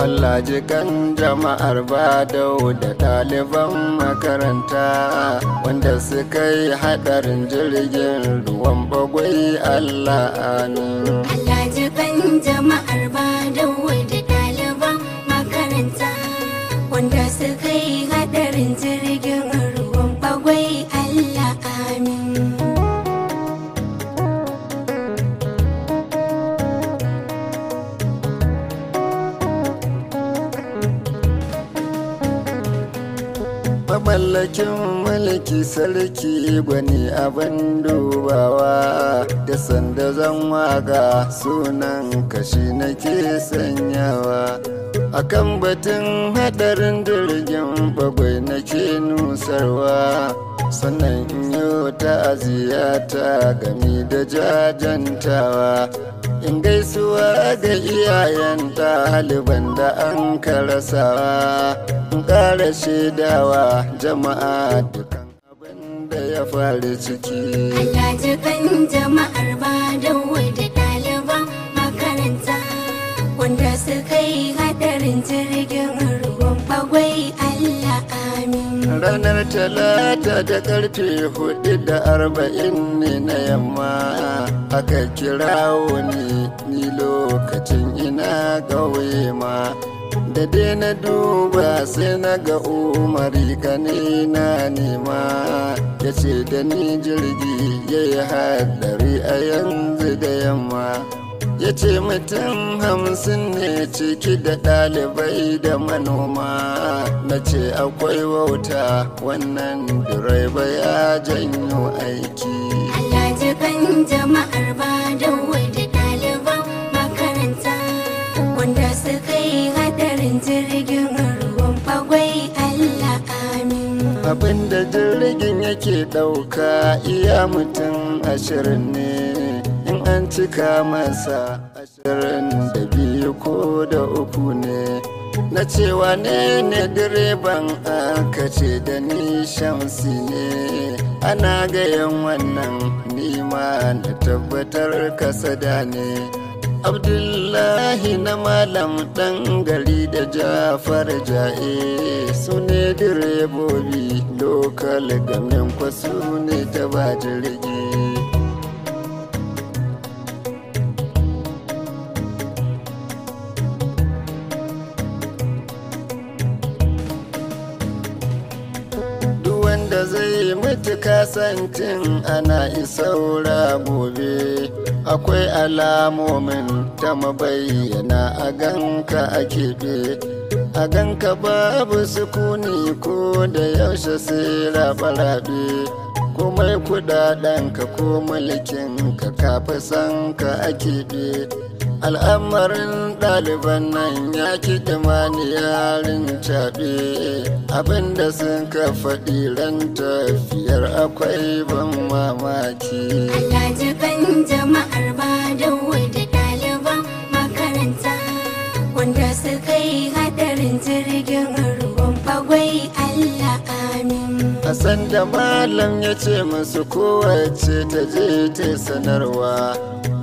Allah jikan jama'ar Badau da ɗaliban makaranta wanda suka yi haɗarin jirgin ruwan bagwai Allah amin. Allah jikan jama'ar Badau mamallakin mulki sarki gwani abin dubawa da sanda zan waga sunan kashi nake sanyawa akan batun hadarin jirgin bagwai nake nusarwa sannan in yi ta'aziyata gami da jajantawa in gaisuwa ga iyayen ɗaliban da an karasawa in ƙara shaidawa jama'a dukan abin da ya faru ciki Allah jama'ar ba da ɗaliba makaranta wanda suka yi hadarin jirgin ruwan bagwai ranar talata da karfe hudu da arba'in ne na yamma aka kira wani ni lokacin ina ga ma da dai na duba sai na ga umari kane na nema ya ce da ni jirgi ya yi hadari a yanzu da yamma ya ce mutum hamsin ne ciki da ɗalibai da manoma na ce akwai wauta wannan direba ya janyo aiki Allah jikan jama'ar ba da ɗaliban makaranta wanda suka yi hadarin jirgin ruwan fagwai Allah amin abinda jirgin yake ɗauka iya mutum ashirin ne an cika masa ashirin da biyu ko da uku ne na cewa ne ne direban aka ce da ni shamsi ne ana gayan wannan nima na tabbatar kasada ne abdullahi na malam ɗan gari da jafar ja'e su ne direbobi lokal gamin kwasu ne ta ba jirgi kasancin ana isaura gobe akwai alamomin ta mabayyana a ganka a keɓe a ganka babu sukuni ko da yaushe sai rabe-rabe komai kudaden ko mulkin ka kafa san ka a keɓe al'amarin ɗaliban nan ya ki mani yarin caɓe abinda sun ka faɗi ran tafiyar akwai ban mamaki alajiban jama'ar ba da ɗaliban makaranta wanda suka yi hadarin jirgin ruwan bagwai allah amin a sanda malam ya ce masu kowace ta je ta sanarwa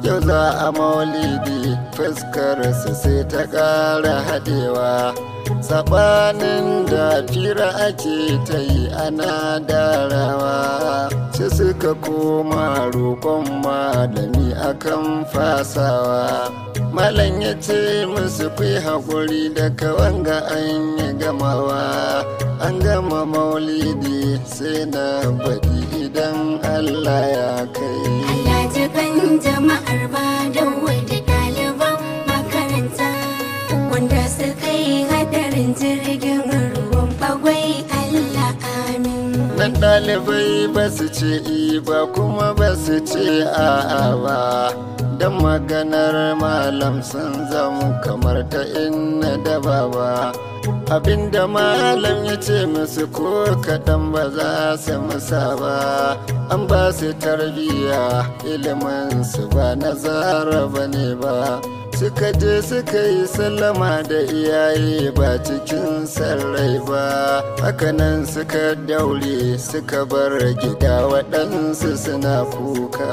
yau za a maulidi fuskar su sai ta ƙara haɗewa saɓanin da fira ake ta yi ana darawa shi suka koma roƙon malami akan fasawa malam ya ce musu kai haƙuri da kawanga an yi gamawa an gama maulidi sai na baɗi idan allah ya kai jama'ar Badawa da ɗaliban makaranta wanda suka yi hadarin jirgin ruwan bagwai Allah amin. Nan ɗalibai ba su ce ba kuma ba su ce a'a ba. Dan maganar malam sun zamu kamar ta inna da baba. abinda malam ya ce musu ko kaɗan ba za su musa ba an ba su tarbiyya ilimin su ba na zara ba ne ba suka je suka yi sallama da iyaye ba cikin sarrai ba hakanan suka daure suka bar gida waɗansu suna kuka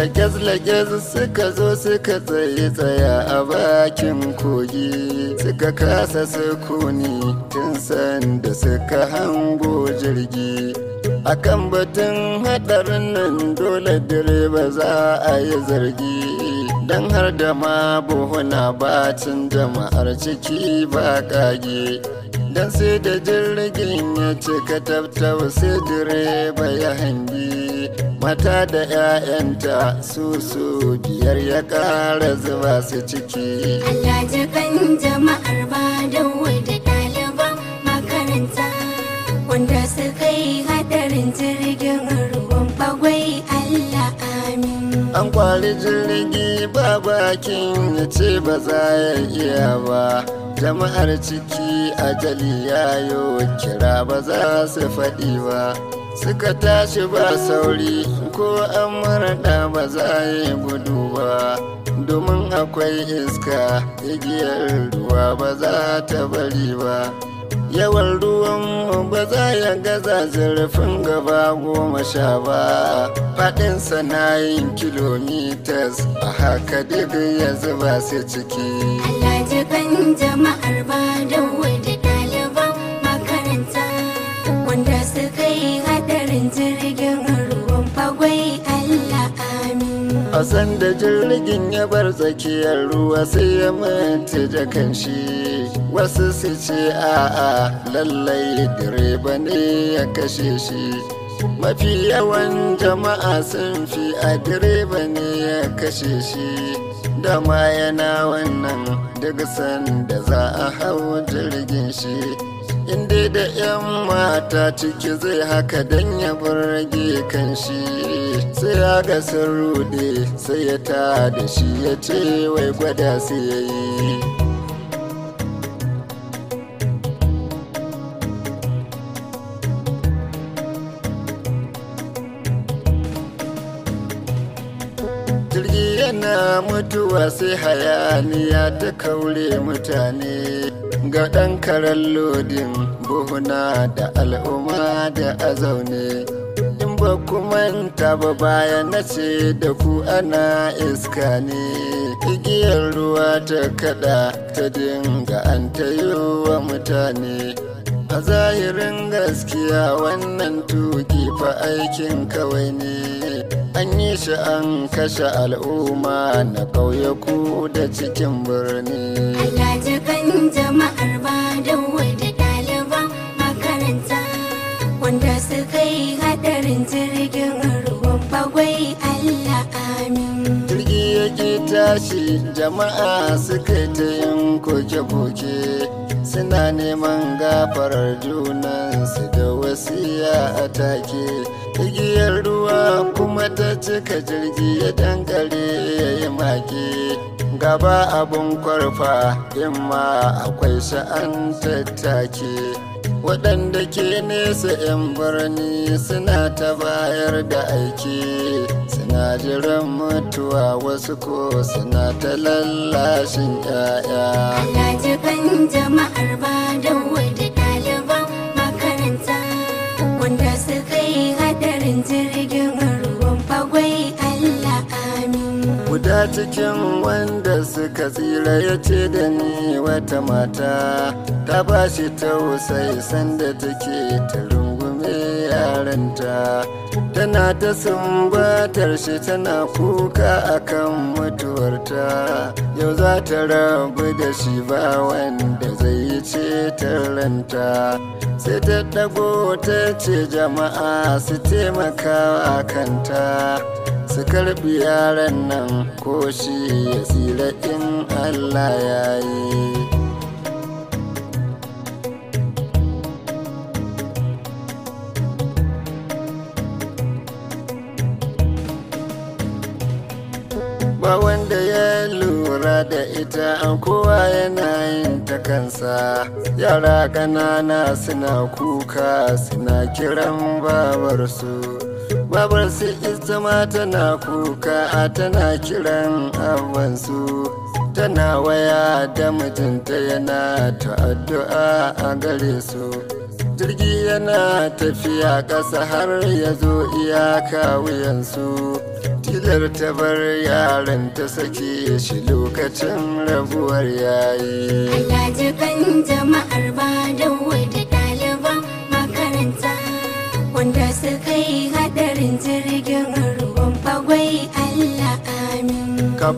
lagez lagyaz suka zo suka tsaye tsaya a bakin kogi suka kasa sukuni tun sanda suka hango jirgi akan batun hadarin nan dole direba za a yi zargi Don har da ma buhuna bacin jama'ar ciki ba kage dan sai da jirgin ya cika tabtaba sai direba ya hangi mata da 'ya'yanta su su biyar ya ƙara zuba su ciki Allah jakan jama'ar ba da ɗaliban makaranta wanda su kai hadarin jirgin ruwan bagwai Allah amin an kwari jirgi ba bakin ya ce ba za ya iya ba jama'ar ciki ajali yayo kira ba za su faɗi ba suka tashi ba sauri ko an maraɗa ba za a yi gudu ba domin akwai iska igiyar ruwa ba za ta bari ba yawan ruwan ba za ya gaza zarafin gaba goma sha ba faɗin sanayin kilomitas a haka duk ya zuba su ciki Allah jama'ar jirgin ruwan bagwai Allah amin. A sanda jirgin ya bar tsakiyar ruwa sai ya manta da kanshi. Wasu su ce a'a lallai direba ne ya kashe shi. Mafi yawan jama'a sun fi a direba ne ya kashe shi. Dama yana wannan duk sanda za a hau jirgin shi. inda da yan mata ciki zai haka dan ya rage kan shi sai ya ga sarude rude sai ya ta da shi ya ce wai gwada sai ya yi jirgi yana mutuwa sai hayaniya ta kaure mutane ga ɗan karen lodin buhuna da al'umma da a zaune in ba manta ba bayan na ce da ku ana iska ne igiyar ruwa ta kada ta dinga an ta wa mutane a zahirin gaskiya wannan tuki fa aikin kawai ne an yi shi an kashe al'umma na ƙauyaku da cikin birni jama'ar badawa da ɗaliban makaranta wanda suka yi hadarin jirgin ruwan bagwai Allah amin. Jirgi yake tashi jama'a suka ta yin koke-koke suna neman gafarar su da wasiya a take. Igiyar ruwa kuma ta cika jirgi ya dankare ya yi make. gaba abun kwarfa imma akwai sha'an tattaki waɗanda ke nesa 'yan birni suna ta bayar da aiki suna jiran mutuwa wasu ko suna ta lallashin 'ya'ya Allah jama'ar bani A cikin wanda suka tsira ya ce da ni wata mata ta ba shi tausayi sanda take ta rungume yaranta tana ta sumbatar shi tana kuka akan mutuwarta yau za ta rabu da shi ba wanda zai yi ceton ranta sai ta ɗago ta ce jama'a su taimaka a kanta su karbi yaren nan ko shi ya tsira in allah ya yi ba wanda ya lura da ita an kowa yana yin ta kansa yara ƙanana suna kuka suna kiran babarsu babar su ma tana kuka a tana kiran abansu tana waya da mutunta yana ta addu'a a gare su jirgi yana tafiya ƙasa har ya zo iyaka wuyansu tilar ta bar yaran ta sake shi lokacin rabuwar yayi kan jama'ar ba da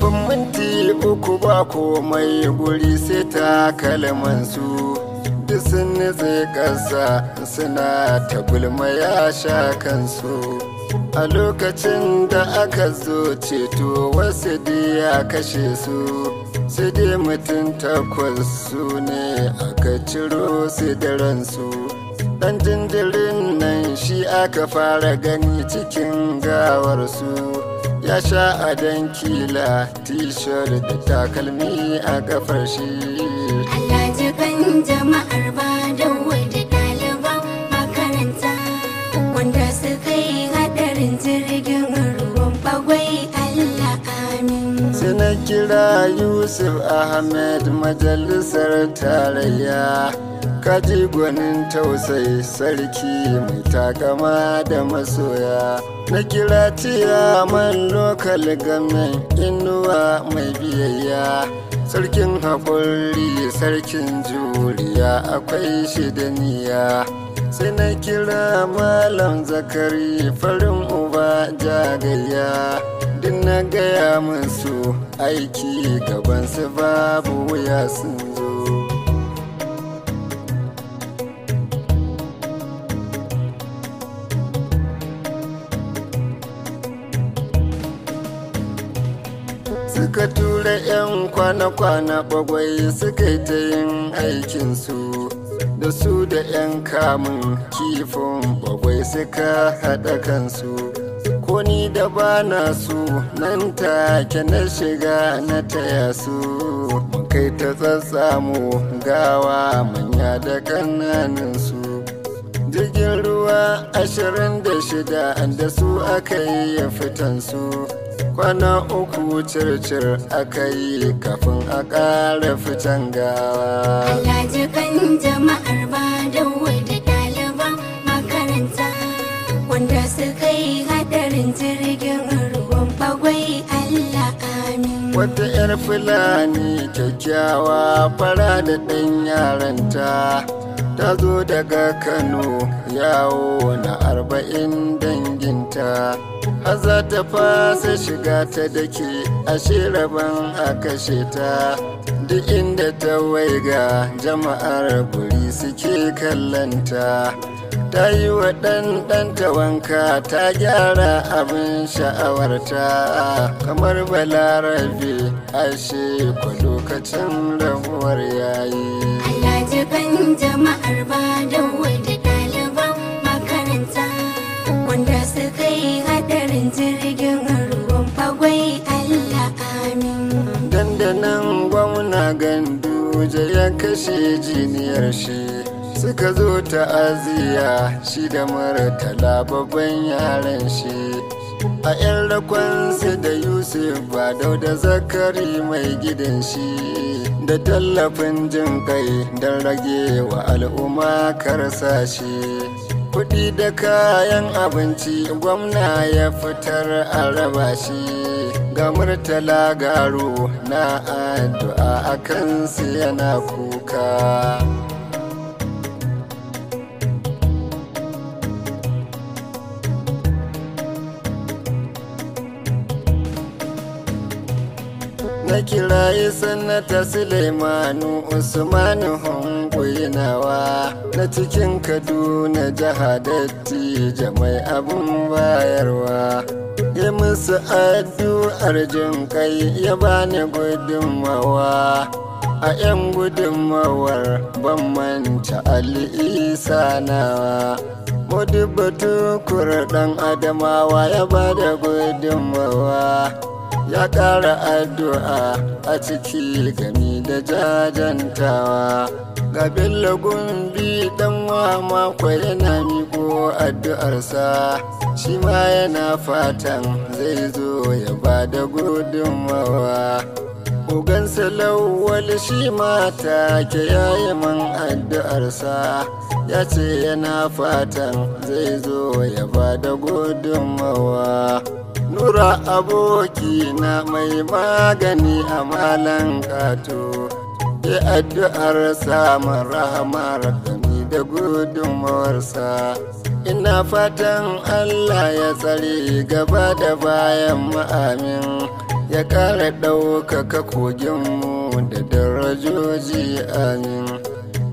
kafin minti uku ba komai guri sai ta su. duk sun zai ƙasa suna ta gulma ya sha kansu a lokacin da aka zo ceto wasu ya kashe su sai dai mutum takwas su ne aka ciro su da ransu ɗan jinjirin nan shi aka fara gani cikin gawarsu ya sha a dankila t-shirt da takalmi a kafar shi Allah jama'ar ba da wadda ɗaliban makaranta wanda suka yi hadarin jirgin ruwan bagwai Allah amin suna kira Yusuf Ahmed majalisar tarayya kaji gwanin tausayi sarki mai takama da masoya na kira man lokal gamen inuwa mai biyayya sarkin haƙuri sarkin juriya akwai shi da niyya sai na kira malam zakari farin uba jagayya din na gaya musu aiki gaban su babu wuya sun suka tura 'yan kwana-kwana bagwai suka yi ta yin aikinsu da su da 'yan kamun kifin bagwai suka haɗa kansu ko ni da bana su nan take na shiga na taya su kai ta tsatsamu gawa manya da ƙananinsu jirgin ruwa ashirin da shida da su aka yi ya fitan su kwana uku cir-cir aka yi kafin a ƙara fitan gawa alhajikan jama'ar ba da ɗaliba makaranta wanda suka yi hadarin jirgin ruwan bagwai allah amin wata 'yar fulani kyakkyawa fara da ɗan yaranta ta zo daga kano yawo na arba'in danginta haza ta fasa shiga ta dake ashe rabon a kashe ta duk inda ta waiga jama'ar guri suke kallanta ta yi wa ɗanɗanta wanka ta gyara abin sha'awarta kamar balarabe ashe ku lokacin rabuwar yayi dukkanin jama'ar Badawai da ɗaliban makaranta wanda suka yi hadarin jirgin ruwan fagwai Allah amin. Dandanan gwamna ganduje ya kashe jiniyar shi suka zo ta'aziyya shi da mara babban yaran shi a 'yan rakwansu da yusuf ba da zakari mai gidan shi da tallafin jin kai don rage wa al'umma karsashe kuɗi da kayan abinci gwamna ya fitar a raba shi ga murtala garo na addu'a akan siya yana kuka ta kirayi sanata Suleimanu Usmanu nawa? na cikin Kaduna jihadatti jamai abun bayarwa. Ya musu addu'ar jin kai ya bani gudunmawa. A 'yan gudunmawar ban manta Ali Isa nawa. Modibo tukur ɗan adamawa ya bada gudunmawa. ya ƙara addu'a a ciki gami da jajantawa ga bello bi dan wa mako yana miko addu'arsa shi ma yana fatan zai zo ya ba da gudunmawa Ugan salawwal shi mata ke yayi man addu'arsa ya ce yana fatan zai zo ya ba da gudunmawa. nura aboki na mai magani a malan kato ke addu'ar samun rahamar gani da gudunmawarsa ina fatan allah ya tsare gaba da bayan ma'amin ya ƙara ɗaukaka koginmu da darajoji amin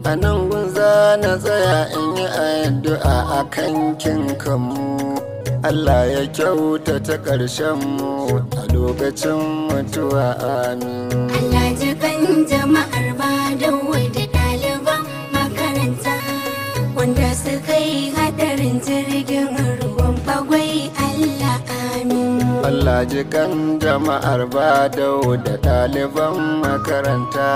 a nan gunza na tsaya in yi addu'a a kankin kanmu Allah ya kyauta ta ƙarshen mu a lokacin mutuwa amin. Allah jikan jama'ar ba da ɗaliban makaranta wanda suka yi hadarin jirgin ruwan bagwai Allah amin. Allah jikan jama'ar ba da ɗaliban makaranta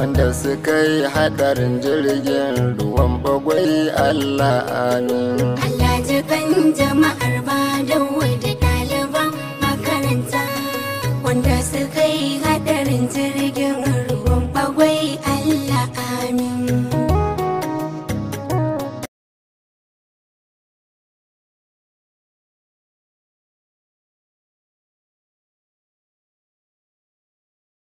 wanda suka yi hadarin jirgin ruwan bagwai Allah amin. jama'ar ba dawo da ɗaliban makaranta wanda suka yi hadarin jirgin ruwan bagwai Allah